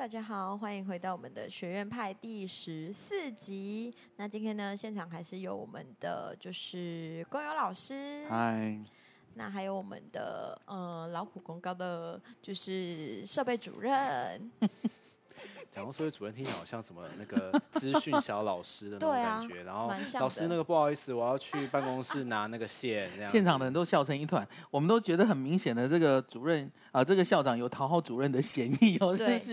大家好，歡迎回到我們的學院派第十四集。那今天呢，現場還是有我們的就是工友老師，嗨，那還有我們的呃勞苦功高的就是設備主任。 講到所謂主任，聽起來好像什麼那個資訊小老師的那種感覺， 啊、然後老師那個不好意思，我要去辦公室拿那個線，這樣現場的人都笑成一團。我們都覺得很明顯的，這個主任啊、呃，這個校長有討好主任的嫌疑哦，覺得 是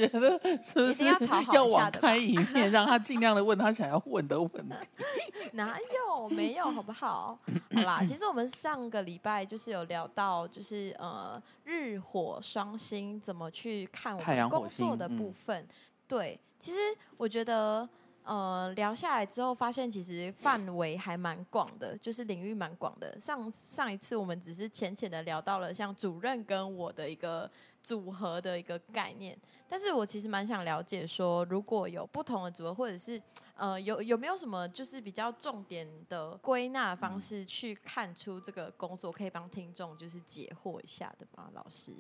不是要，討好的要網開一面，讓他盡量的問他想要問的問題？ 哪有沒有，好不好？好啦，其實我們上個禮拜就是有聊到，就是呃日火雙星怎麼去看我們工作的部分。對，其實我覺得，呃，聊下來之後，發現其實範圍還蠻廣的，就是領域蠻廣的。上上一次我們只是淺淺的聊到了像主任跟我的一個組合的一個概念，但是我其實蠻想了解說，如果有不同的組合，或者是呃，有有沒有什麼就是比較重點的歸納方式，去看出這個工作可以幫聽眾就是解惑一下的嗎，老師？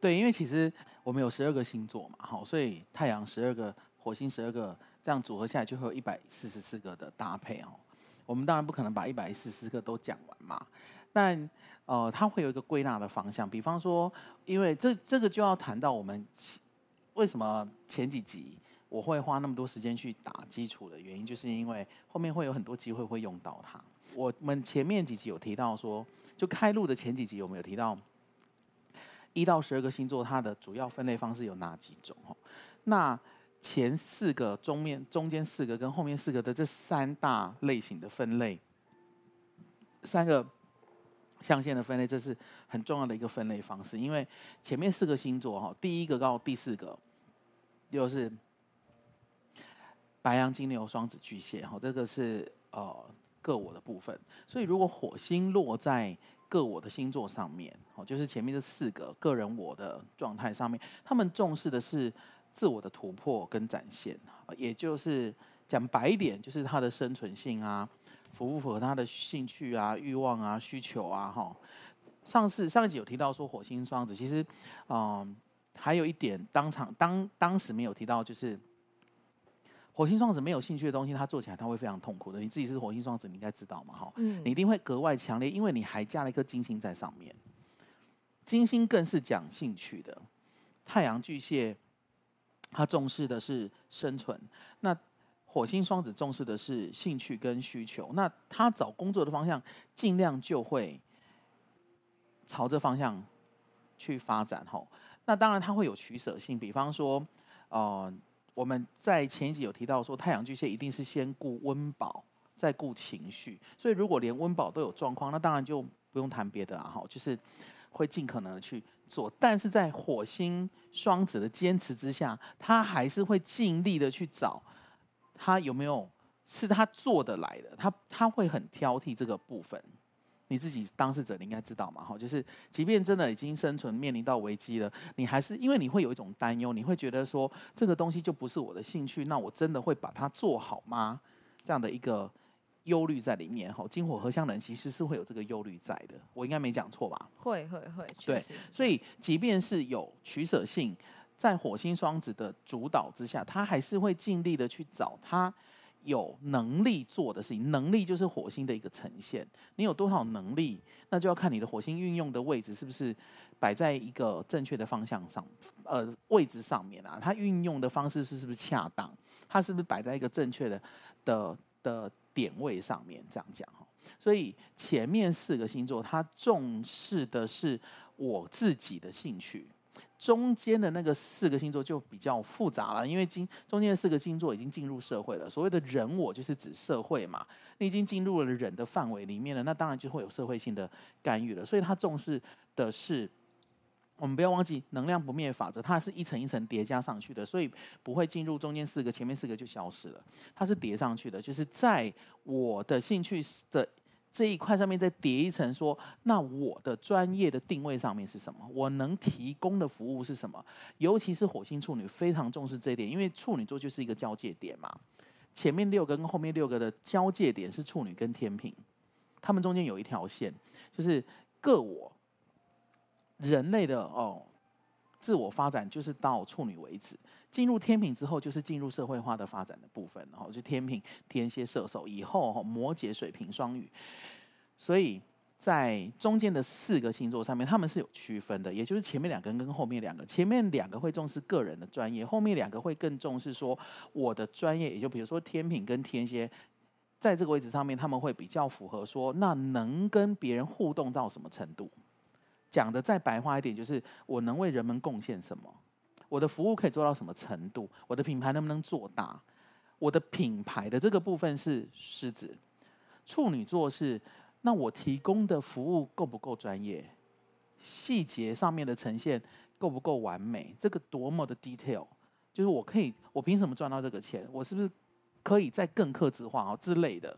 對，因為其實我們有十二個星座嘛，好，所以太陽十二個，火星十二個，這樣組合下來就會有一百四十四個的搭配哦。我們當然不可能把一百四十四個都講完嘛，但呃，它會有一個歸納的方向。比方說，因為這這個就要談到我們為什麼前幾集我會花那麼多時間去打基礎的原因，就是因為後面會有很多機會會用到它。我們前面幾集有提到說，就開路的前幾集，我們有提到。一到十二個星座，它的主要分類方式有哪幾種？哈，那前四個、中面、中間四個跟後面四個的這三大類型的分類，三個象限的分類，這是很重要的一個分類方式。因為前面四個星座哈，第一個到第四個，又是白羊、金牛、雙子、巨蟹，哈，這個是呃個我的部分。所以如果火星落在個我的星座上面，哦，就是前面這四個個人我的狀態上面，他們重視的是自我的突破跟展現，也就是講白一點，就是他的生存性啊，符不符合他的興趣啊、欲望啊、需求啊？哈，上次上一集有提到說火星雙子，其實，嗯、呃，還有一點當場當當時沒有提到就是。火星雙子沒有興趣的東西，他做起來他會非常痛苦的。你自己是火星雙子，你應該知道嘛？哈、嗯，你一定會格外強烈，因為你還加了一顆金星在上面。金星更是講興趣的，太陽巨蟹他重視的是生存，那火星雙子重視的是興趣跟需求。那他找工作的方向，盡量就會朝這方向去發展。哈，那當然他會有取捨性，比方說，呃。我們在前一集有提到說，太陽巨蟹一定是先顧溫飽，再顧情緒。所以如果連溫飽都有狀況，那當然就不用談別的了，啊、哈。就是會盡可能的去做，但是在火星雙子的堅持之下，他還是會盡力的去找他有沒有是他做得來的。他他會很挑剔這個部分。你自己當事者你應該知道嘛，哈，就是即便真的已經生存面臨到危機了，你還是因為你會有一種擔憂，你會覺得說這個東西就不是我的興趣，那我真的會把它做好嗎？這樣的一個憂慮在裡面，哈，金火合相人其實是會有這個憂慮在的，我應該沒講錯吧？會會會，對，所以即便是有取捨性，在火星雙子的主導之下，他還是會盡力的去找他。有能力做的事情，能力就是火星的一個呈現。你有多少能力，那就要看你的火星運用的位置是不是擺在一個正確的方向上，呃，位置上面啊，它運用的方式是是不是恰當，它是不是擺在一個正確的的的點位上面，這樣講哈，所以前面四個星座，它重視的是我自己的興趣。中間的那個四個星座就比較複雜了，因為今，中間的四個星座已經進入社會了。所謂的人我就是指社會嘛，你已經進入了人的範圍裡面了，那當然就會有社會性的干預了。所以他重視的是，我們不要忘記能量不滅法則，它是一層一層疊加上去的，所以不會進入中間四個，前面四個就消失了。它是疊上去的，就是在我的興趣的。這一塊上面再疊一層，說那我的專業的定位上面是什麼？我能提供的服務是什麼？尤其是火星處女非常重視這一點，因為處女座就是一個交界點嘛，前面六個跟後面六個的交界點是處女跟天秤，他們中間有一條線，就是個我人類的哦。自我發展就是到處女為止，進入天秤之後就是進入社會化的發展的部分，然後就天秤、天蠍、射手以後摩羯、水瓶、雙魚。所以在中間的四個星座上面，他們是有區分的，也就是前面兩個跟後面兩個，前面兩個會重視個人的專業，後面兩個會更重視說我的專業，也就比如說天秤跟天蠍在這個位置上面，他們會比較符合說那能跟別人互動到什麼程度。講的再白話一點，就是我能為人們貢獻什麼？我的服務可以做到什麼程度？我的品牌能不能做大？我的品牌的這個部分是獅子，處女座是那我提供的服務夠不夠專業？細節上面的呈現夠不夠完美？這個多麼的 detail，就是我可以，我憑什麼賺到這個錢？我是不是可以再更客製化哦之類的？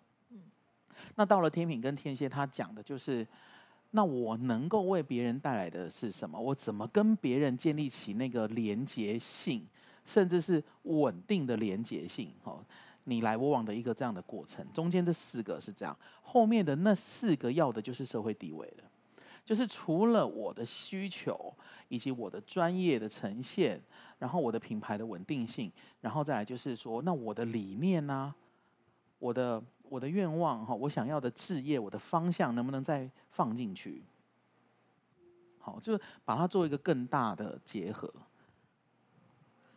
那到了天秤跟天蠍，他講的就是。那我能夠為別人帶來的是什麼？我怎麼跟別人建立起那個連接性，甚至是穩定的連接性？哦，你來我往的一個這樣的過程，中間這四個是這樣，後面的那四個要的就是社會地位了，就是除了我的需求以及我的專業的呈現，然後我的品牌的穩定性，然後再來就是說，那我的理念呢、啊，我的。我的願望哈，我想要的事業，我的方向能不能再放進去？好，就是把它做一個更大的結合。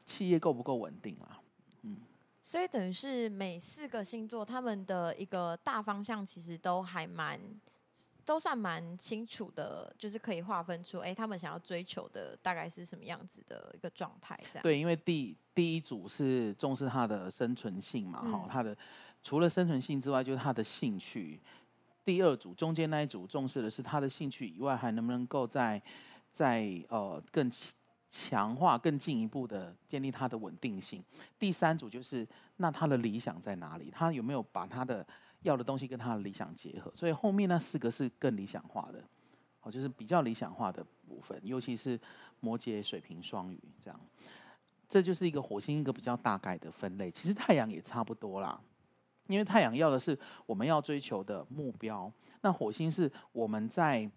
企業夠不夠穩定啊？嗯。所以等於是每四個星座，他們的一個大方向其實都還蠻，都算蠻清楚的，就是可以劃分出，哎、欸，他們想要追求的大概是什麼樣子的一個狀態，這樣。對，因為第第一組是重視他的生存性嘛，哈、嗯，他的。除了生存性之外，就是他的興趣。第二組中間那一組重視的是他的興趣以外，還能不能夠再再呃更強化、更進一步的建立他的穩定性？第三組就是那他的理想在哪裡？他有沒有把他的要的東西跟他的理想結合？所以後面那四個是更理想化的，好，就是比較理想化的部分，尤其是摩羯、水瓶、雙魚這樣。這就是一個火星一個比較大概的分類。其實太陽也差不多啦。因為太陽要的是我們要追求的目標，那火星是我們在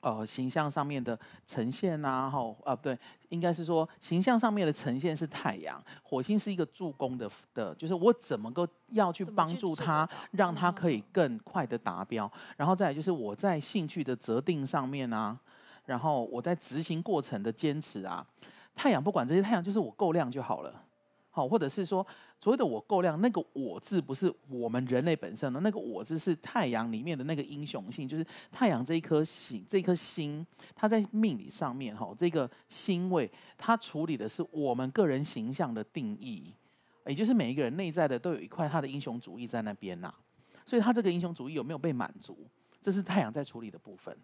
呃形象上面的呈現啊，哈，啊不對，應該是說形象上面的呈現是太陽，火星是一個助攻的的，就是我怎麼個要去幫助他，讓他可以更快的達標，然後再來就是我在興趣的擇定上面啊，然後我在執行過程的堅持啊，太陽不管這些，太陽就是我夠亮就好了。好，或者是說所謂的我夠亮，那個我字不是我們人類本身的，那個我字是太陽裡面的那個英雄性，就是太陽這一顆星，這一顆星它在命理上面哈，這個星位它處理的是我們個人形象的定義，也就是每一個人內在的都有一塊他的英雄主義在那邊吶、啊，所以他這個英雄主義有沒有被滿足，這是太陽在處理的部分。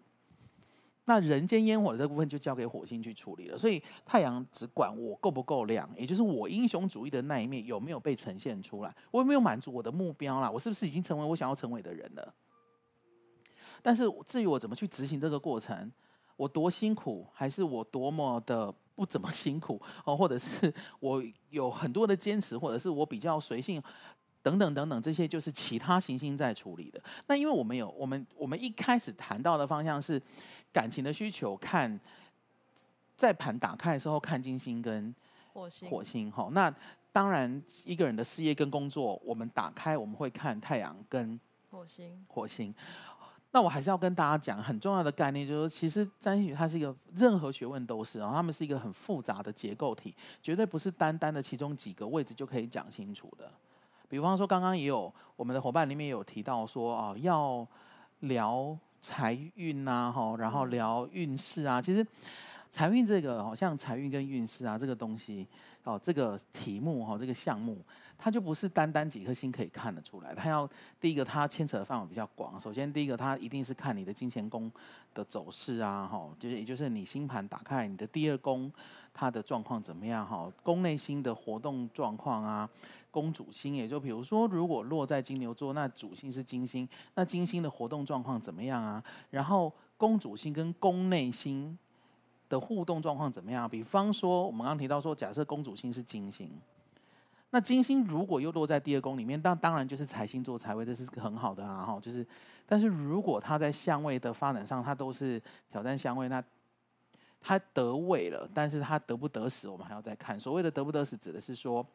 那人間煙火的這部分就交給火星去處理了，所以太陽只管我夠不夠亮，也就是我英雄主義的那一面有沒有被呈現出來，我有沒有滿足我的目標啦？我是不是已經成為我想要成為的人了？但是至於我怎麼去執行這個過程，我多辛苦，還是我多麼的不怎麼辛苦，哦，或者是我有很多的堅持，或者是我比較隨性。等等等等，這些就是其他行星在處理的。那因為我們有我們我們一開始談到的方向是感情的需求，看在盤打開的時候看金星跟火星火星，哈、哦。那當然一個人的事業跟工作，我們打開我們會看太陽跟火星火星。那我還是要跟大家講很重要的概念，就是說其實占星學它是一個任何學問都是、哦，然他它們是一個很複雜的結構體，絕對不是單單的其中幾個位置就可以講清楚的。比方說，剛剛也有我們的夥伴裡面有提到說啊，要聊財運吶，吼，然後聊運勢啊。其實，財運這個好像財運跟運勢啊這個東西，哦、啊，這個題目哈、啊，這個項目。它就不是單單幾顆星可以看得出來，它要第一個，它牽扯的範圍比較廣。首先，第一個，它一定是看你的金錢宮的走勢啊，哈，就是也就是你星盤打開來，你的第二宮，它的狀況怎麼樣啊，哈，宮內星的活動狀況啊，宮主星也就比如說，如果落在金牛座，那主星是金星，那金星的活動狀況怎麼樣啊？然後宮主星跟宮內星的互動狀況怎麼樣啊？比方說，我們剛剛提到說，假設宮主星是金星。那金星如果又落在第二宮裡面，那當然就是財星坐財位，這是很好的啊。哈，就是，但是如果他在相位的發展上，他都是挑戰相位，那他得位了，但是他得不得勢，我們還要再看。所謂的得不得勢，指的是說，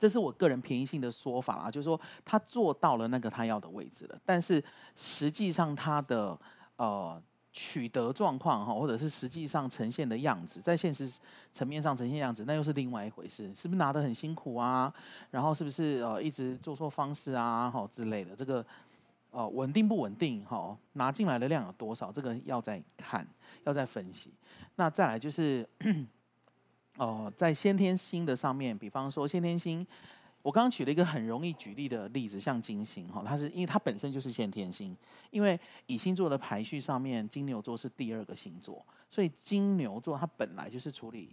這是我個人便宜性的說法啊，就是說他做到了那個他要的位置了，但是實際上他的呃。取得狀況哈，或者是實際上呈現的樣子，在現實層面上呈現的樣子，那又是另外一回事。是不是拿得很辛苦啊？然後是不是呃一直做錯方式啊？好之類的，這個呃穩定不穩定？哈，拿進來的量有多少？這個要再看，要再分析。那再來就是哦，在先天心的上面，比方說先天心。我剛剛舉了一個很容易舉例的例子，像金星哈，它是因為它本身就是先天星，因為以星座的排序上面，金牛座是第二個星座，所以金牛座它本來就是處理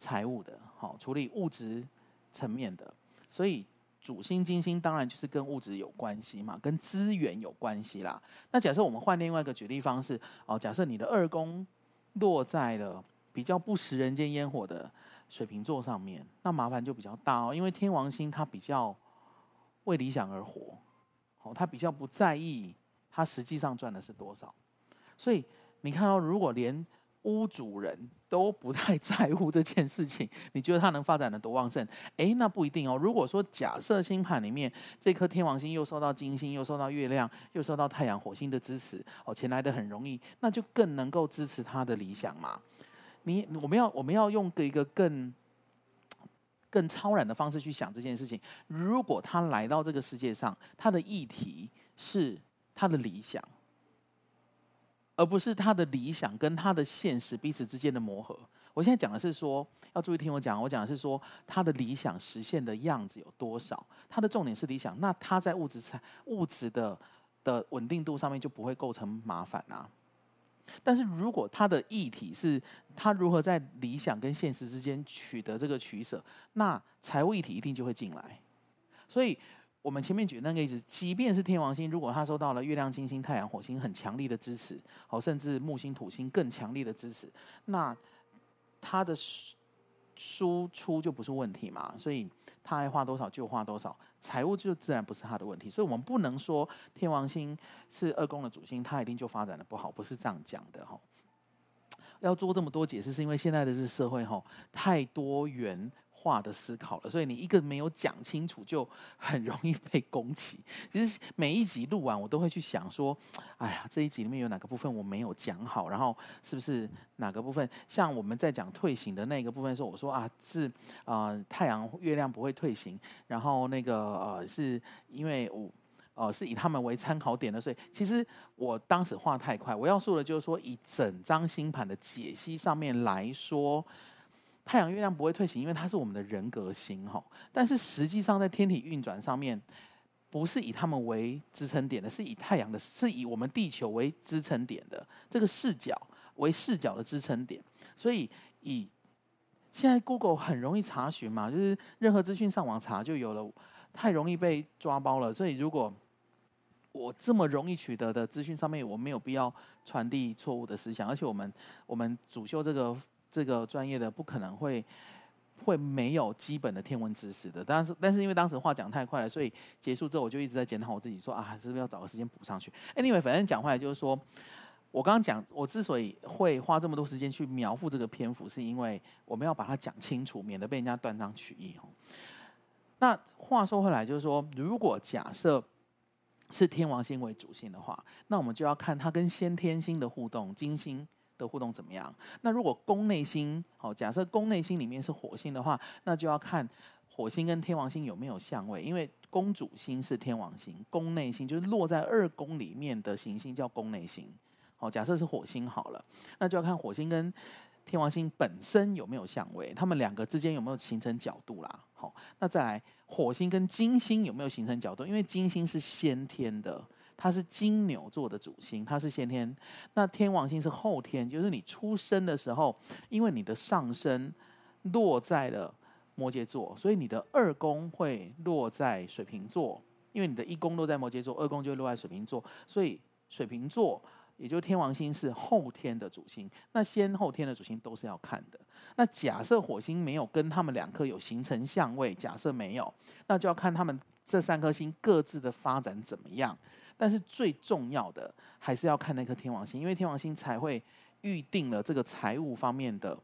財務的，好處理物質層面的，所以主星金星當然就是跟物質有關係嘛，跟資源有關係啦。那假設我們換另外一個舉例方式，哦，假設你的二宮落在了比較不食人間煙火的。水瓶座上面，那麻煩就比較大哦，因為天王星他比較為理想而活，哦，他比較不在意他實際上賺的是多少，所以你看到、哦、如果連屋主人都不太在乎這件事情，你覺得他能發展的多旺盛？誒，那不一定哦。如果說假設星盤裡面這顆天王星又受到金星、又受到月亮、又受到太陽、火星的支持，哦，錢來的很容易，那就更能夠支持他的理想嘛。你我們要我們要用一個更更超然的方式去想這件事情。如果他來到這個世界上，他的議題是他的理想，而不是他的理想跟他的現實彼此之間的磨合。我現在講的是說，要注意聽我講。我講的是說，他的理想實現的樣子有多少？他的重點是理想，那他在物質物質的的穩定度上面就不會構成麻煩啊。但是如果他的議題是他如何在理想跟現實之間取得這個取捨，那財務議題一定就會進來。所以我們前面舉那個例子，即便是天王星，如果他收到了月亮、金星、太陽、火星很強力的支持，好，甚至木星、土星更強力的支持，那他的輸出就不是問題嘛，所以他愛花多少就花多少。財務就自然不是他的問題，所以我們不能說天王星是二宮的主星，他一定就發展的不好，不是這樣講的哈。要做這麼多解釋，是因為現在的這個社會哈太多元。話的思考了，所以你一個沒有講清楚，就很容易被攻擊。其實每一集錄完，我都會去想說：哎呀，這一集裡面有哪個部分我沒有講好？然後是不是哪個部分？像我們在講退行的那個部分說，我說啊，是啊，呃，太陽、月亮不會退行，然後那個呃，是因為我呃是以他們為參考點的，所以其實我當時話太快。我要說的就是說，以整張星盤的解析上面來說。太陽、月亮不會退行，因為它是我們的人格星吼，但是實際上，在天體運轉上面，不是以他們為支撐點的，是以太陽的，是以我們地球為支撐點的。這個視角為視角的支撐點。所以，以現在 Google 很容易查詢嘛，就是任何資訊上網查就有了，太容易被抓包了。所以，如果我這麼容易取得的資訊上面，我沒有必要傳遞錯誤的思想。而且我，我們我們主修這個。這個專業的不可能會會沒有基本的天文知識的，但是但是因為當時話講太快了，所以結束之後我就一直在檢討我自己說，說啊，是不是要找個時間補上去？哎，anyway 反正講回來就是說，我剛剛講，我之所以會花這麼多時間去描述這個篇幅，是因為我們要把它講清楚，免得被人家斷章取義哈。那話說回來就是說，如果假設是天王星為主星的話，那我們就要看它跟先天星的互動，金星。的互動怎麼樣？那如果宮內星，好，假設宮內星裡面是火星的話，那就要看火星跟天王星有沒有相位，因為宮主星是天王星，宮內星就是落在二宮裡面的行星叫宮內星。好，假設是火星好了，那就要看火星跟天王星本身有沒有相位，他們兩個之間有沒有形成角度啦。好，那再來火星跟金星有沒有形成角度？因為金星是先天的。它是金牛座的主星，它是先天；那天王星是後天，就是你出生的時候，因為你的上升落在了摩羯座，所以你的二宮會落在水瓶座，因為你的一宮落在摩羯座，二宮就會落在水瓶座。所以水瓶座，也就是天王星是後天的主星。那先後天的主星都是要看的。那假設火星沒有跟他們兩顆有形成相位，假設沒有，那就要看他們這三顆星各自的發展怎麼樣。但是最重要的還是要看那顆天王星，因為天王星才會預定了這個財務方面的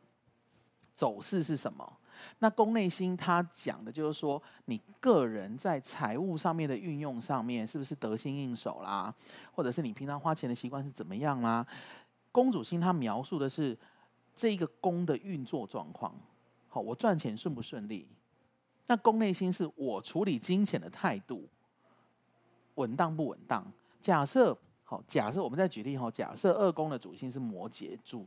走勢是什麼。那宮內星它講的就是說，你個人在財務上面的運用上面是不是得心應手啦，或者是你平常花錢的習慣是怎麼樣啦？宮主星它描述的是這個宮的運作狀況。好，我賺錢順不順利？那宮內星是我處理金錢的態度。穩當不穩當？假設好，假設我們再舉例哈，假設二宮的主星是摩羯柱，主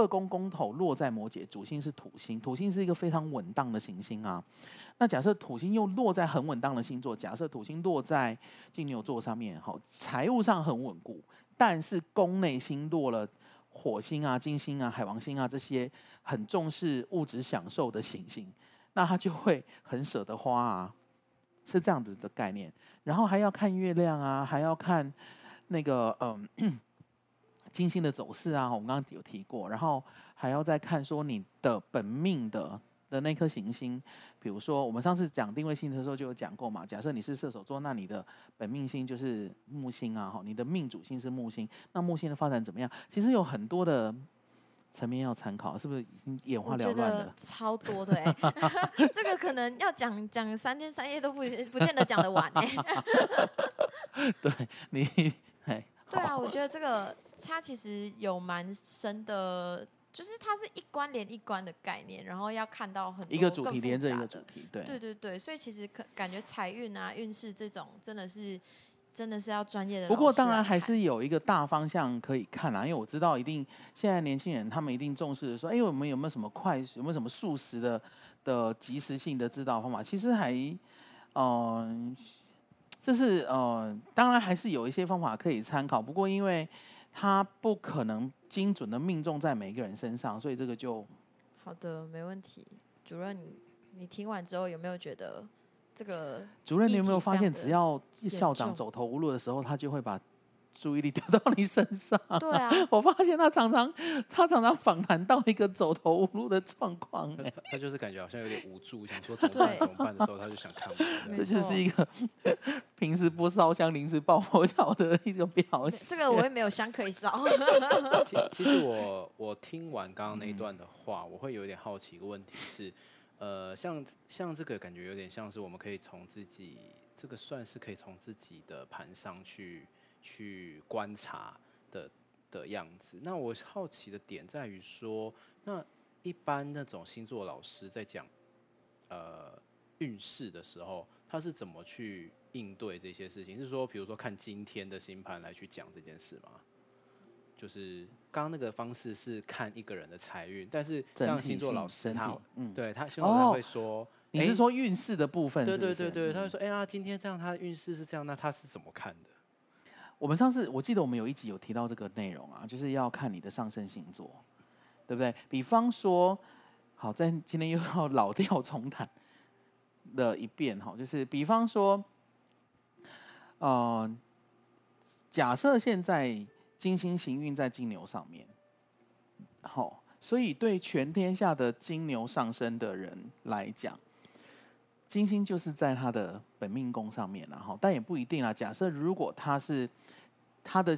二宮宮頭落在摩羯，主星是土星，土星是一個非常穩當的行星啊。那假設土星又落在很穩當的星座，假設土星落在金牛座上面，好，財務上很穩固，但是宮內星落了火星啊、金星啊、海王星啊這些很重視物質享受的行星，那他就會很捨得花啊。是這樣子的概念，然後還要看月亮啊，還要看那個嗯，金星的走勢啊。我們剛剛有提過，然後還要再看說你的本命的的那顆行星，比如說我們上次講定位星的時候就有講過嘛。假設你是射手座，那你的本命星就是木星啊，哈，你的命主星是木星，那木星的發展怎麼樣？其實有很多的。層面要參考，是不是已經眼花繚亂了？我覺得超多的、欸， 這個可能要講講三天三夜都不不見得講得完、欸 對。對你，對啊，我覺得這個它其實有蠻深的，就是它是一關連一關的概念，然後要看到很多更複雜的一個主題連着一個主題，對對對對，所以其實感覺財運啊、運勢這種真的是。真的是要專業的。不過當然還是有一個大方向可以看啦。啊，因為我知道一定現在年輕人他們一定重視的說，哎、欸，我們有沒有什麼快，有沒有什麼速食的的及時性的指導方法？其實還，嗯、呃，這是呃，當然還是有一些方法可以參考。不過因為它不可能精準的命中在每一個人身上，所以這個就，好的，沒問題。主任你，你聽完之後有沒有覺得？這個主任，你有沒有發現，只要校長走投無路的時候，他就會把注意力丟到你身上？對啊，我發現他常常，他常常訪談到一個走投無路的狀況，欸。他就是感覺好像有點無助， 想說怎麼辦怎麼辦的時候，他就想看我。這就是一個平時不燒香，臨時抱佛腳的一種表現。這個我也沒有香可以燒。其 其實我我聽完剛剛那一段的話，我會有一點好奇，一個問題是。呃，像像這個感覺有點像是我們可以從自己這個算是可以從自己的盤上去去觀察的的樣子。那我好奇的點在於說，那一般那種星座老師在講呃運勢的時候，他是怎麼去應對這些事情？是說，比如說看今天的星盤來去講這件事嗎？就是。剛剛那個方式是看一個人的財運，但是像星座老師他，整體整體嗯、對他星座老師他會說、哦，你是說運勢的部分是不是？對，對對對對，他會說，哎呀、啊，今天這樣他的運勢是這樣，那他是怎麼看的？我們上次我記得我們有一集有提到這個內容啊，就是要看你的上升星座，對不對？比方說，好，在今天又要老調重彈了一遍哈，就是比方說，嗯、呃，假設現在。金星行運在金牛上面，好、哦，所以對全天下的金牛上升的人來講，金星就是在他的本命宮上面然後、啊、哈，但也不一定啊。假設如果他是他的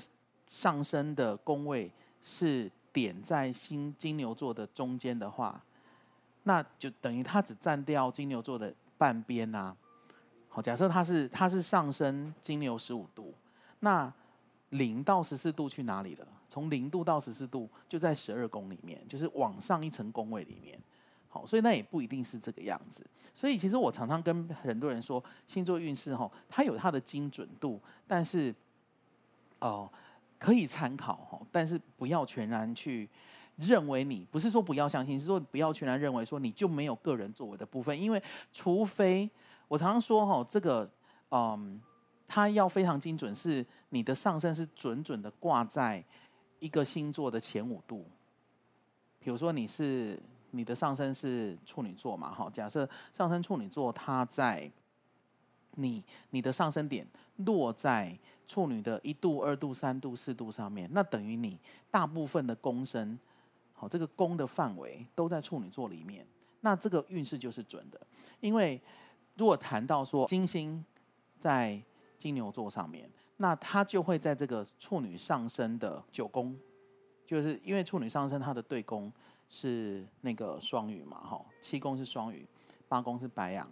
上升的宮位是點在金金牛座的中間的話，那就等於他只占掉金牛座的半邊吶。好，假設他是他是上升金牛十五度，那。零到十四度去哪裡了？從零度到十四度就在十二宮裡面，就是往上一層宮位裡面。好，所以那也不一定是這個樣子。所以其實我常常跟很多人說，星座運勢哈，它有它的精準度，但是哦、呃，可以參考哦。但是不要全然去認為你不是說不要相信，是說不要全然認為說你就沒有個人作為的部分。因為除非我常常說哈，這個嗯。呃它要非常精準，是你的上升是準準的掛在一個星座的前五度。比如說你是你的上升是處女座嘛，哈，假設上升處女座，它在你你的上升點落在處女的一度、二度、三度、四度上面，那等於你大部分的宮身，好，這個宮的範圍都在處女座裡面，那這個運勢就是準的。因為如果談到說金星在金牛座上面，那他就會在這個處女上升的九宮，就是因為處女上升，它的對宮是那個雙魚嘛，哈，七宮是雙魚，八宮是白羊，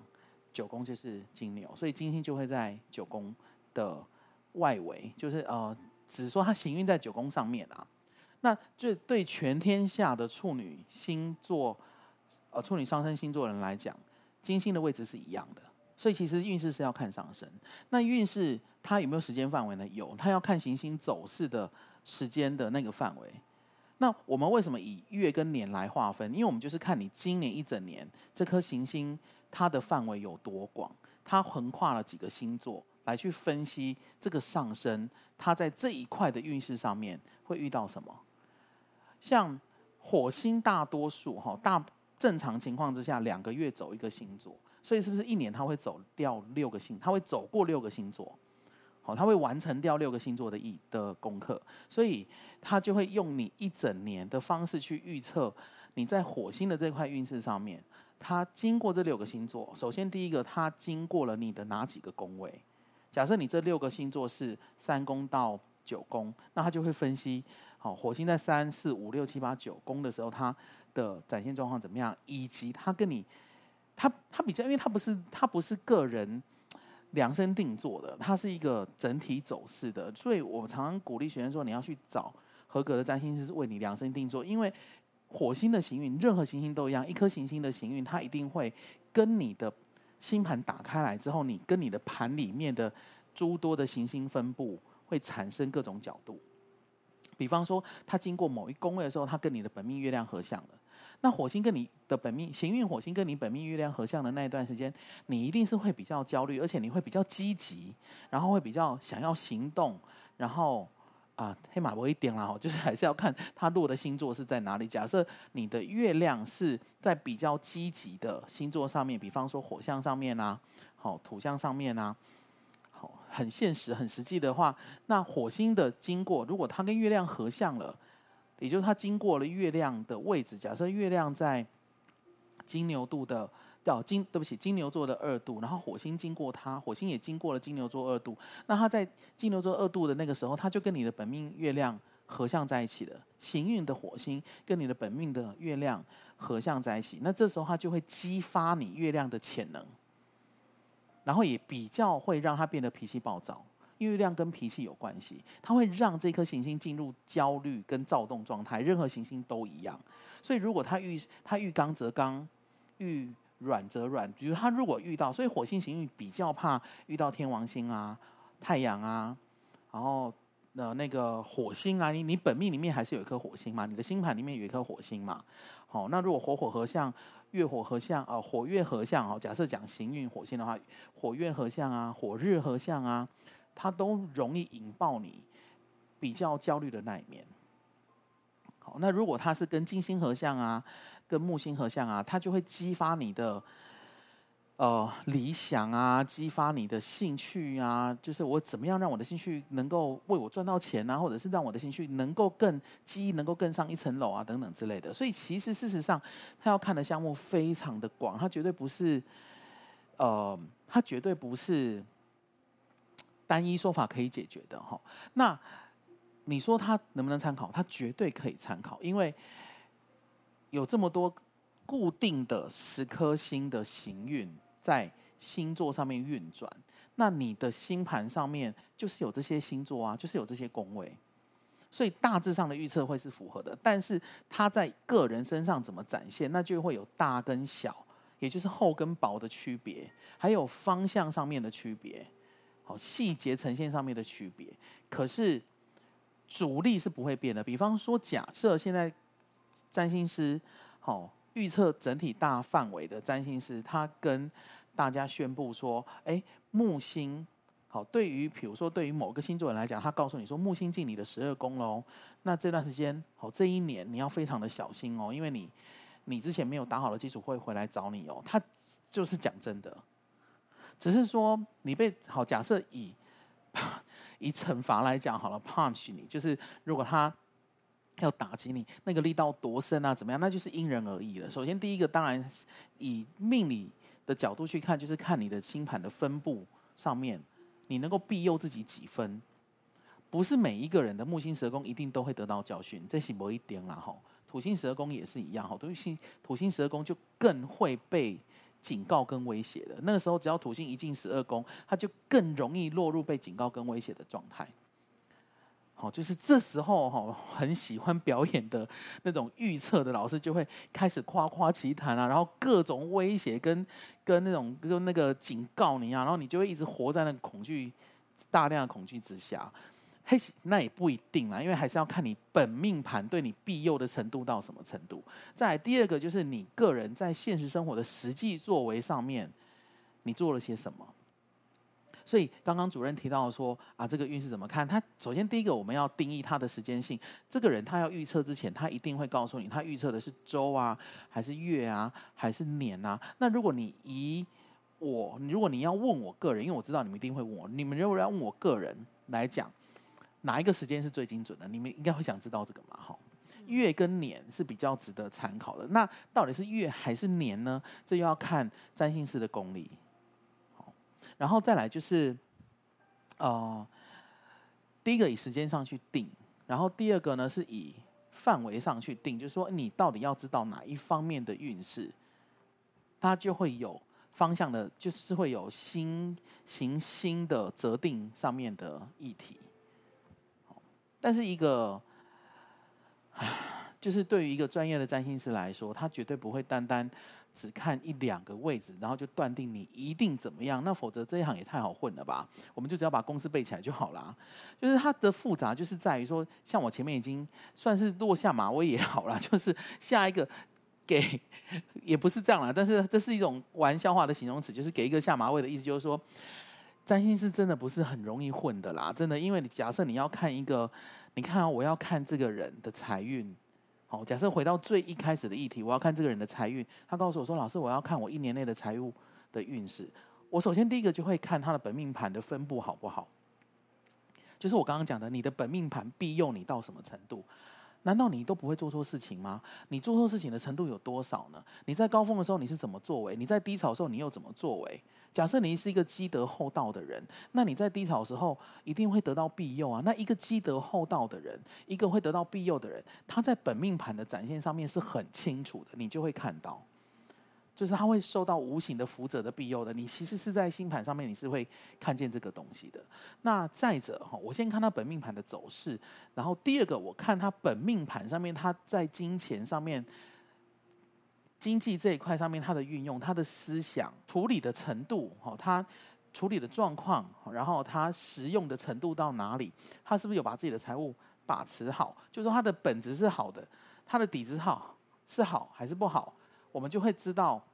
九宮就是金牛，所以金星就會在九宮的外圍，就是呃，只說他行運在九宮上面啊，那就對全天下的處女星座，呃，處女上升星座人來講，金星的位置是一樣的。所以其實運勢是要看上升，那運勢它有沒有時間範圍呢？有，它要看行星走勢的時間的那個範圍。那我們為什麼以月跟年來劃分？因為我們就是看你今年一整年這顆行星它的範圍有多廣，它橫跨了幾個星座，來去分析這個上升，它在這一塊的運勢上面會遇到什麼？像火星大多數哈，大正常情況之下兩個月走一個星座。所以是不是一年他會走掉六個星，他會走過六個星座，好、哦，他會完成掉六個星座的的功課，所以他就會用你一整年的方式去預測你在火星的這塊運勢上面，他經過這六個星座，首先第一個他經過了你的哪幾個宮位？假設你這六個星座是三宮到九宮，那他就會分析，好、哦，火星在三四五六七八九宮的時候，它的展現狀況怎麼樣，以及他跟你。它它比較，因為它不是它不是個人量身定做的，它是一個整體走勢的。所以我常常鼓勵學生說，你要去找合格的占星師為你量身定做，因為火星的行運，任何行星都一樣，一顆行星的行運，它一定會跟你的星盤打開來之後，你跟你的盤裡面的諸多的行星分布會產生各種角度。比方說，它經過某一宮位的時候，它跟你的本命月亮合相了。那火星跟你的本命，行運火星跟你本命月亮合相的那一段時間，你一定是會比較焦慮，而且你會比較積極，然後會比較想要行動，然後啊，那也不一定啦，就是還是要看他落的星座是在哪裡。假設你的月亮是在比較積極的星座上面，比方說火象上面啦、啊，好土象上面啦、啊，好很現實、很實際的話，那火星的經過，如果它跟月亮合相了。也就是它經過了月亮的位置，假設月亮在金牛座的，哦，金，對不起，金牛座的二度，然後火星經過它，火星也經過了金牛座二度，那它在金牛座二度的那個時候，它就跟你的本命月亮合相在一起了，行運的火星跟你的本命的月亮合相在一起，那這時候它就會激發你月亮的潛能，然後也比較會讓它變得脾氣暴躁。月亮跟脾氣有關係，它會讓這顆行星進入焦慮跟躁動狀態。任何行星都一樣，所以如果它遇它遇剛則剛，遇軟則軟。比如它如果遇到，所以火星行運比較怕遇到天王星啊、太陽啊，然後那、呃、那個火星啊，你你本命裡面還是有一顆火星嘛？你的星盤裡面有一顆火星嘛？好、哦，那如果火火合相、月火合相啊、呃，火月合相哦。假設講行運火星的話，火月合相啊，火日合相啊。他都容易引爆你比較焦慮的那一面。好，那如果他是跟金星合相啊，跟木星合相啊，他就會激發你的呃理想啊，激發你的興趣啊，就是我怎麼樣讓我的興趣能夠為我賺到錢啊，或者是讓我的興趣能夠更，記憶能夠更上一層樓啊，等等之類的。所以其實事實上，他要看的項目非常的廣，他絕對不是呃，他絕對不是。呃單一說法可以解決的哈。那你說他能不能參考？他絕對可以參考，因為有這麼多固定的十顆星的行運在星座上面運轉，那你的星盤上面就是有這些星座啊，就是有這些宮位，所以大致上的預測會是符合的。但是他在個人身上怎麼展現，那就會有大跟小，也就是厚跟薄的區別，還有方向上面的區別。好細節呈現上面的區別，可是主力是不會變的。比方說，假設現在占星師，好預測整體大範圍的占星師，他跟大家宣布說，哎、欸，木星好，對於比如說，對於某個星座人來講，他告訴你說木星進你的十二宮嘍，那這段時間，好，這一年你要非常的小心哦，因為你你之前沒有打好的基礎會回來找你哦。他就是講真的。只是說，你被，好，假設以以懲罰來講好了，punch 你，就是如果他要打擊你，那個力道多深啊？怎麼樣？那就是因人而異了。首先第一個，當然是以命理的角度去看，就是看你的星盤的分布上面，你能夠庇佑自己幾分？不是每一個人的木星蛇宮一定都會得到教訓，這是某一點了哈。土星蛇宮也是一樣，吼，土星土星蛇宮就更會被。警告跟威脅的那個時候，只要土星一進十二宮，它就更容易落入被警告跟威脅的狀態。好，就是這時候哈，很喜歡表演的那種預測的老師，就會開始誇誇其談啊，然後各種威脅跟跟那種跟那個警告你啊，然後你就會一直活在那個恐懼、大量的恐懼之下。嘿，那也不一定啦，因為還是要看你本命盤對你庇佑的程度到什麼程度。再來第二個就是你個人在現實生活的實際作為上面，你做了些什麼。所以剛剛主任提到說啊，這個運勢怎麼看？他首先第一個我們要定義他的時間性。這個人他要預測之前，他一定會告訴你，他預測的是周啊，還是月啊，還是年啊？那如果你以我，如果你要問我個人，因為我知道你們一定會問我，你們如果要問我個人來講。哪一個時間是最精準的？你們應該會想知道這個嘛？好，月跟年是比較值得參考的。那到底是月還是年呢？這又要看占星師的功力。好，然後再來就是，呃，第一個以時間上去定，然後第二個呢，是以範圍上去定，就是說你到底要知道哪一方面的運勢，它就會有方向的，就是會有新行，行星的擇定上面的議題。但是一個，就是對於一個專業的占星師來說，他絕對不會單單只看一兩個位置，然後就斷定你一定怎麼樣。那否則這一行也太好混了吧？我們就只要把公式背起來就好啦。就是它的複雜，就是在於說，像我前面已經算是落下馬威也好啦，就是下一個給也不是這樣啦，但是這是一種玩笑話的形容詞，就是給一個下馬威的意思，就是說。占星是真的不是很容易混的啦，真的，因為你假設你要看一個，你看啊，我要看這個人的財運，好，假設回到最一開始的議題，我要看這個人的財運，他告訴我說，老師，我要看我一年內的財務的運勢。我首先第一個就會看他的本命盤的分布好不好？就是我剛剛講的，你的本命盤庇佑你到什麼程度？難道你都不會做錯事情嗎？你做錯事情的程度有多少呢？你在高峰的時候你是怎麼作為？你在低潮的時候你又怎麼作為？假設你是一個積德厚道的人，那你在低潮的時候一定會得到庇佑啊。那一個積德厚道的人，一個會得到庇佑的人，他在本命盤的展現上面是很清楚的，你就會看到，就是他會受到無形的福澤的庇佑的。你其實是在星盤上面你是會看見這個東西的。那再者哈，我先看他本命盤的走勢，然後第二個我看他本命盤上面，他在金錢上面。經濟這一塊上面，他的運用、他的思想處理的程度，吼，他處理的狀況，然後他實用的程度到哪裡，他是不是有把自己的財務把持好？就是說他的本質是好的，他的底子好是好，是好還是不好，我們就會知道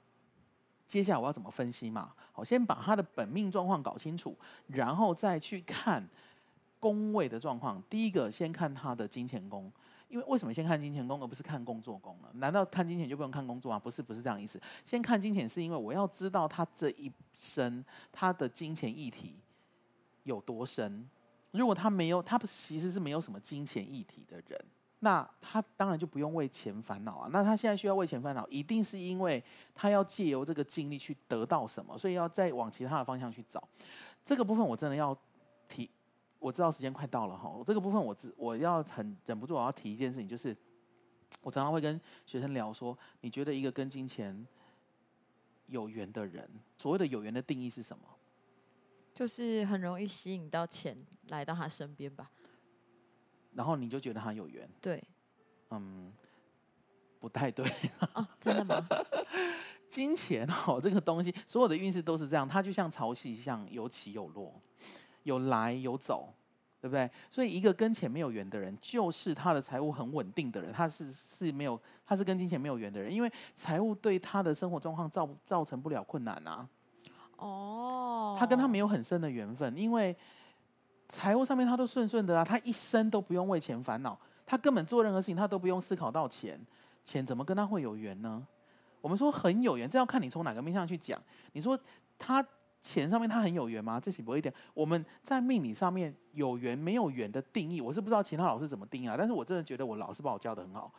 接下來我要怎麼分析嘛。我先把他的本命狀況搞清楚，然後再去看宮位的狀況。第一個先看他的金錢宮。因為為什麼先看金錢宮，而不是看工作宮呢？難道看金錢就不用看工作嗎？不是，不是這樣意思。先看金錢，是因為我要知道他這一生他的金錢議題有多深。如果他沒有，他其實是沒有什麼金錢議題的人，那他當然就不用為錢煩惱啊。那他現在需要為錢煩惱，一定是因為他要借由這個經歷去得到什麼，所以要再往其他的方向去找。這個部分我真的要。我知道時間快到了哈，我這個部分我知我要很忍不住，我要提一件事情，就是我常常會跟學生聊說，你覺得一個跟金錢有緣的人，所謂的有緣的定義是什麼？就是很容易吸引到錢來到他身邊吧，然後你就覺得他有緣。對，嗯，不太對啊，哦，真的嗎？ 金錢哈，這個東西所有的運勢都是這樣，它就像潮汐一樣，像有起有落。有來有走，對不對？所以一個跟錢沒有緣的人，就是他的財務很穩定的人，他是是沒有，他是跟金錢沒有緣的人，因為財務對他的生活狀況造造成不了困難啊。哦，他跟他沒有很深的緣分，因為財務上面他都順順的啊，他一生都不用為錢煩惱，他根本做任何事情他都不用思考到錢，錢怎麼跟他會有緣呢？我們說很有緣，這要看你從哪個面向去講。你說他。錢上面他很有緣嗎？這是不一點？我們在命理上面有緣沒有緣的定義，我是不知道其他老師怎麼定義啊。但是我真的覺得我老師把我教得很好。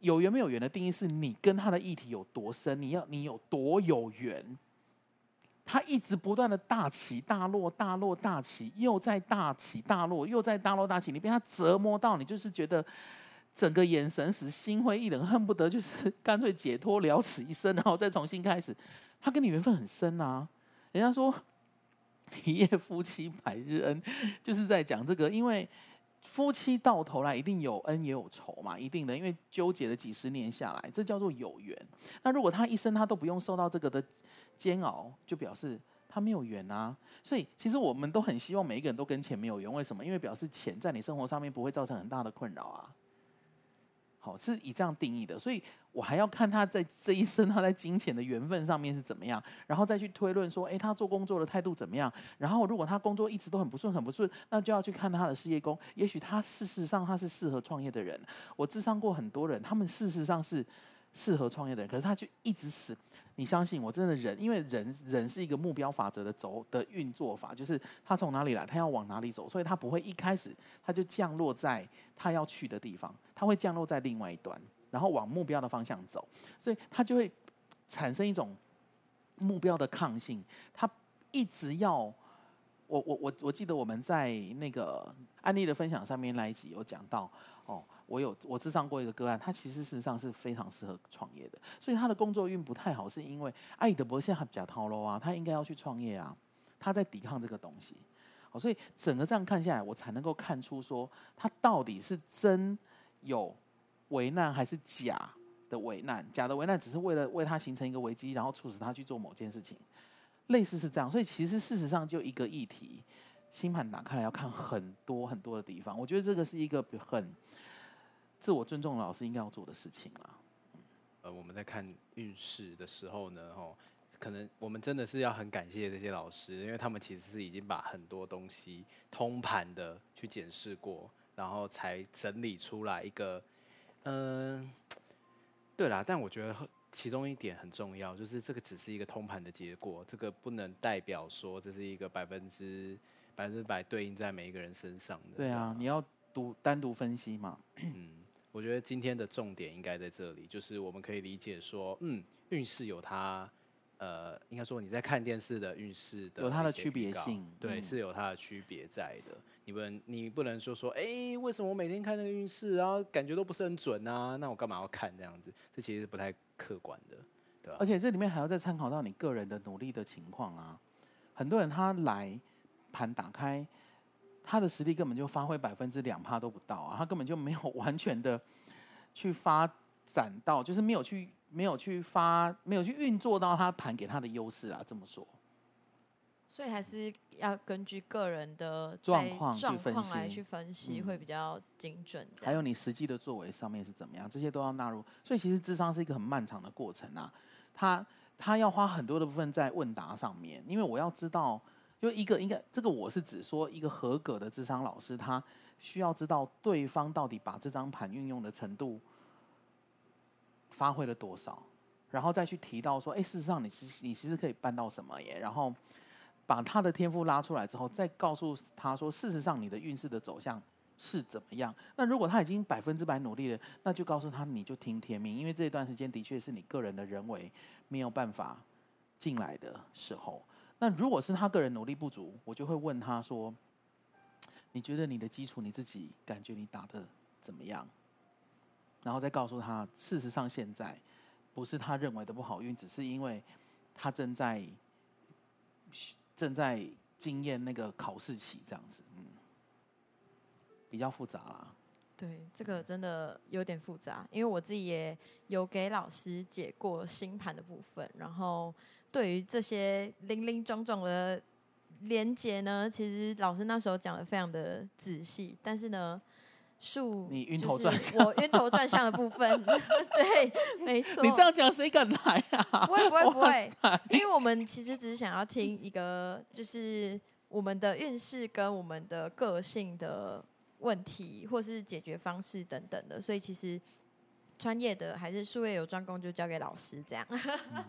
有緣沒有緣的定義是你跟他的議題有多深，你要你有多有緣。他一直不斷的大起大落，大落大起，又在大起大落，又在大落大起，你被他折磨到你就是覺得整個眼神是心灰意冷，恨不得就是乾脆解脫了此一生，然後再重新開始。他跟你緣分很深啊。人家說“一夜夫妻百日恩”，就是在講這個。因為夫妻到頭來一定有恩也有仇嘛，一定的。因為糾結了幾十年下來，這叫做有緣。那如果他一生他都不用受到這個的煎熬，就表示他沒有緣啊。所以其實我們都很希望每一個人都跟錢沒有緣。為什麼？因為表示錢在你生活上面不會造成很大的困擾啊。好，是以這樣定義的。所以。我還要看他在這一生他在金錢的緣分上面是怎麼樣，然後再去推論說，誒、欸，他做工作的態度怎麼樣？然後如果他工作一直都很不順，很不順，那就要去看他的事業宮。也許他事實上他是適合創業的人。我諮商過很多人，他們事實上是適合創業的人，可是他就一直死。你相信我，真的人，因為人人是一個目標法則的走的運作法，就是他從哪裡來，他要往哪裡走，所以他不會一開始他就降落在他要去的地方，他會降落在另外一端，然後往目標的方向走，所以他就會產生一種目標的抗性。他一直要我我我我記得我們在那個案例的分享上面那一集有講到哦，我有我自上過一個個案，他其實事實上是非常適合創業的。所以他的工作運不太好，是因為愛德伯夏賈濤樓啊，他、啊、應該要去創業啊，他在抵抗這個東西。哦、所以整個這樣看下來，我才能夠看出說他到底是真有。危難還是假的危難？假的危難只是為了為他形成一個危機，然後促使他去做某件事情。類似是這樣，所以其實事實上就一個議題，星盤打開來要看很多很多的地方。我覺得這個是一個很自我尊重老師應該要做的事情啊，呃，我們在看運勢的時候呢，吼，可能我們真的是要很感謝這些老師，因為他們其實是已經把很多東西通盤的去檢視過，然後才整理出來一個。嗯，對啦，但我覺得其中一點很重要，就是這個只是一個通盤的結果，這個不能代表說這是一個百分之百分之百對應在每一個人身上的。對啊，對啊，你要獨單獨分析嘛。嗯，我覺得今天的重點應該在這裡，就是我們可以理解說，嗯，運勢有它。呃，應該說你在看電視的運勢，有它的區別性，對、嗯，是有它的區別在的。你們你不能說說，哎、欸，為什麼我每天看那個運勢、啊，然後感覺都不是很準啊？那我幹嘛要看這樣子？這其實是不太客觀的，對、啊。而且這裡面還要再參考到你個人的努力的情況啊。很多人他來盤打開，他的實力根本就發揮百分之兩趴都不到啊，他根本就沒有完全的去發展到，就是沒有去。沒有去發，沒有去運作到他盤給他的優勢啊，這麼說。所以還是要根據個人的狀況狀況來去分析，嗯、會比較精準。還有你實際的作為上面是怎麼樣，這些都要納入。所以其實智商是一個很漫長的過程啊。他他要花很多的部分在問答上面，因為我要知道，就一個應該這個我是指說，一個合格的智商老師，他需要知道對方到底把這張盤運用的程度。發揮了多少，然後再去提到說，哎，事實上你其實你其實可以辦到什麼耶，然後把他的天賦拉出來之後，再告訴他說，事實上你的運勢的走向是怎麼樣？那如果他已經百分之百努力了，那就告訴他，你就聽天命，因為這一段時間的確是你個人的人為沒有辦法進來的時候。那如果是他個人努力不足，我就會問他說，你覺得你的基礎你自己感覺你打得怎麼樣？然後再告訴他，事實上現在不是他認為的不好運，只是因為他正在正在經驗那個考試期，這樣子，嗯，比較複雜啦。對，這個真的有點複雜，因為我自己也有給老師解過星盤的部分，然後對於這些林林總總的連結呢，其實老師那時候講的非常的仔細，但是呢。數，你暈頭轉向。就是我暈頭轉向的部分。 對，沒錯。你這樣講，誰敢來啊？不會，不會，不會。因為我們其實只是想要聽一個，就是我們的運勢跟我們的個性的問題，或是解決方式等等的。所以其實專業的還是術業有專攻，就交給老師這樣。嗯、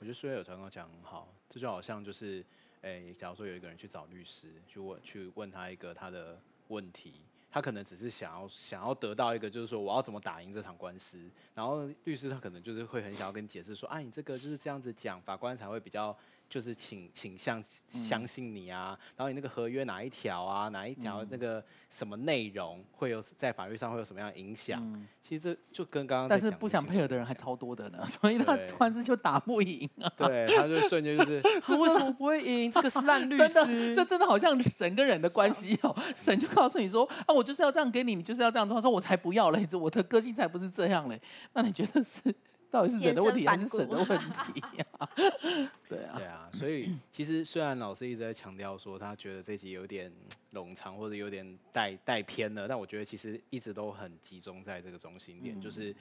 我覺得術業有專攻講很好，這就好像就是，誒、欸，假如說有一個人去找律師，去問，去問他一個他的問題。他可能只是想要想要得到一個，就是說我要怎麼打贏這場官司。然後律師他可能就是會很想要跟你解釋說，啊，你這個就是這樣子講，法官才會比較就是傾傾向相信你啊。然後你那個合約哪一條啊，哪一條那個什麼內容會有在法律上會有什麼樣影響、嗯？其實這就跟剛剛但是不想配合的人還,還超多的呢，所以他突然之間就打不贏、啊、對，他就瞬間就是，他、 啊、為什麼我不會贏？這個是爛律師 真的，這真的好像神跟人的關係哦。神就告訴你說，啊我。就是要這樣給你，你就是要這樣的話，說我才不要嘞！我的個性才不是這樣嘞。那你覺得是到底是人的問題還是神的問題呀、啊？ 對啊，對啊。所以其實雖然老師一直在強調說，他覺得這集有點冗長或者有點帶帶偏了，但我覺得其實一直都很集中在這個中心點，嗯、就是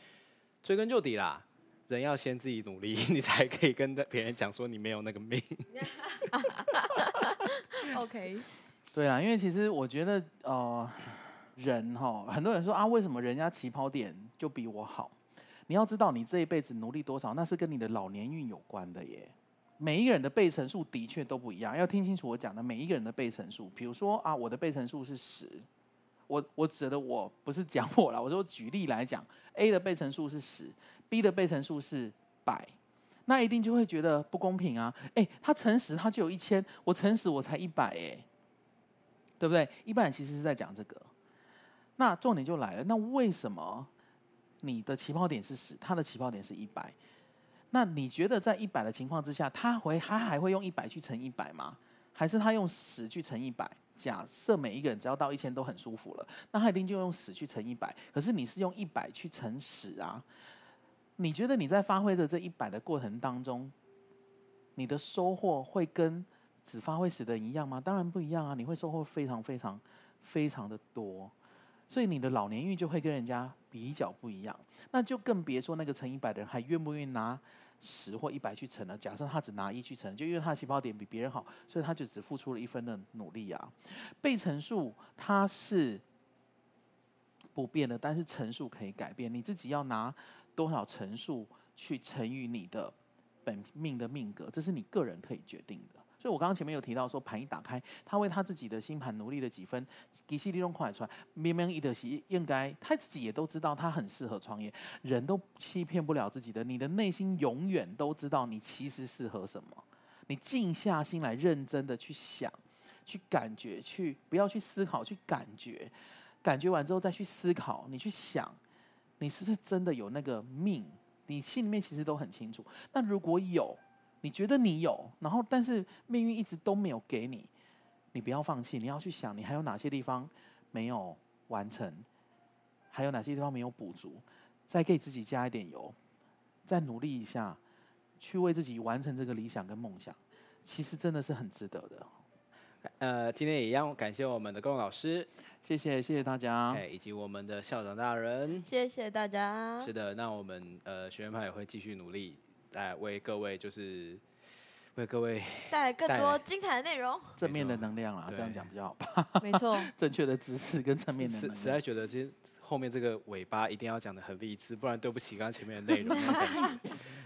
追根究底啦，人要先自己努力，你才可以跟別人講說你沒有那個命。 OK，對啊，因為其實我覺得哦。呃人哈，很多人說啊，為什麼人家起跑點就比我好？你要知道，你這一輩子努力多少，那是跟你的老年運有關的耶。每一個人的被乘數的確都不一樣，要聽清楚我講的每一個人的被乘數。比如說啊，我的被乘數是十，我我指的我不是講我啦，我說舉例來講，A 的被乘數是十，B 的被乘數是百，那一定就會覺得不公平啊！誒、欸，他乘十他就有一千，我乘十我才一百耶，耶對不對？一般人其實是在講這個。那重點就來了。那為什麼你的起跑點是十，他的起跑點是一百？那你覺得在一百的情況之下，他會他還會用一百去乘一百嗎？還是他用十去乘一百？假設每一個人只要到一千都很舒服了，那他一定就用十去乘一百。可是你是用一百去乘十啊。你覺得你在發揮的這一百的過程當中，你的收穫會跟只發揮十的一樣嗎？當然不一樣啊！你會收穫非常非常非常的多。所以你的老年運就會跟人家比較不一樣，那就更別說那個乘一百的人還願不願意拿十或一百去乘了。假設他只拿一去乘，就因為他的起跑點比別人好，所以他就只付出了一分的努力啊。被乘數它是不變的，但是乘數可以改變。你自己要拿多少乘數去乘以你的本命的命格，這是你個人可以決定的。所以我剛剛前面有提到說，盤一打開，他為他自己的星盤努力了幾分，其實你都看得出來，明明他就是應該他自己也都知道，他很適合創業。人都欺騙不了自己的，你的內心永遠都知道你其實適合什麼。你靜下心來，認真的去想，去感覺，去不要去思考，去感覺，感覺完之後再去思考，你去想，你是不是真的有那個命？你心裡面其實都很清楚。那如果有，你覺得你有，然後但是命運一直都沒有給你，你不要放棄，你要去想你還有哪些地方沒有完成，還有哪些地方沒有補足，再給自己加一點油，再努力一下，去為自己完成這個理想跟夢想，其實真的是很值得的。呃，今天也要感謝我們的各位老師，謝謝謝謝大家，以及我們的校長大人，謝謝大家。是的，那我們呃學院派也會繼續努力。來為各位就是為各位帶來更多精彩的內容，正面的能量啦，這樣講比較好吧？沒錯， 正確的知識跟正面的能量。實在覺得，其實後面這個尾巴一定要講得很勵志，不然對不起剛剛前面的內容。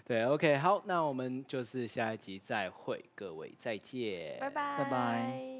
對，OK，好，那我們就是下一集再會，各位再見，拜拜拜拜。Bye bye